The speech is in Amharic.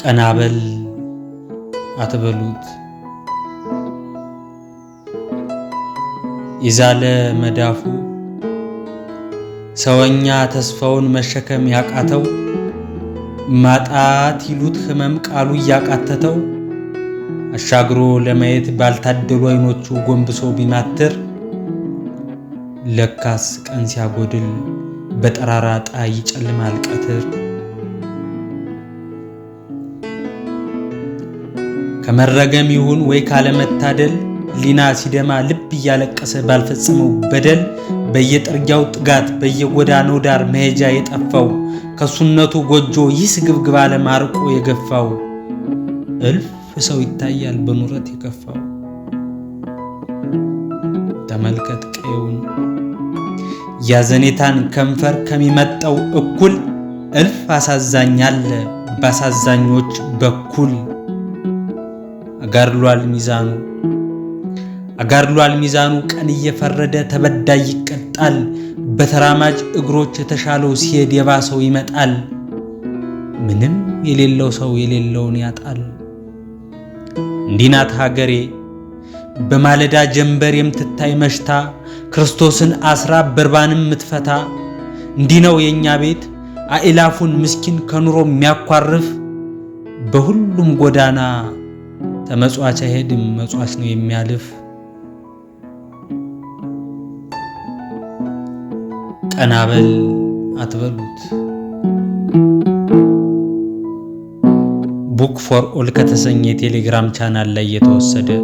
ቀናበል አትበሉት የዛለ መዳፉ ሰወኛ ተስፋውን መሸከም ያቃተው ማጣት ይሉት ህመም ቃሉ እያቃተተው አሻግሮ ለማየት ባልታደሉ አይኖቹ ጎንብሶ ቢማትር ለካስ ቀን ሲያጎድል በጠራራ ፀሐይ ይጨልማል ቀትር። ከመረገም ይሁን ወይ ካለመታደል ሊና ሲደማ ልብ እያለቀሰ ባልፈጸመው በደል በየጥርጊያው ጥጋት በየጎዳናው ዳር መሄጃ የጠፋው ከሱነቱ ጎጆ ይህ ስግብግብ ዓለም አርቆ የገፋው እልፍ ሰው ይታያል በኑረት የከፋው። ተመልከት ቀዩን ያዘኔታን ከንፈር ከሚመጣው እኩል እልፍ አሳዛኝ አለ በአሳዛኞች በኩል። አጋርሏል ሚዛኑ አጋርሏል ሚዛኑ ቀን እየፈረደ ተበዳይ ይቀጣል። በተራማጅ እግሮች የተሻለው ሲሄድ የባሰው ይመጣል። ምንም የሌለው ሰው የሌለውን ያጣል። እንዲናት ሀገሬ በማለዳ ጀንበር የምትታይ መሽታ ክርስቶስን አስራ በርባንም የምትፈታ እንዲህ ነው የእኛ ቤት አእላፉን ምስኪን ከኑሮ የሚያኳርፍ በሁሉም ጎዳና ተመጽዋች አይሄድም መጽዋች ነው የሚያልፍ። ቀና አትበሉት ቡክ ፎር ኦል ከተሰኘ የቴሌግራም ቻናል ላይ የተወሰደ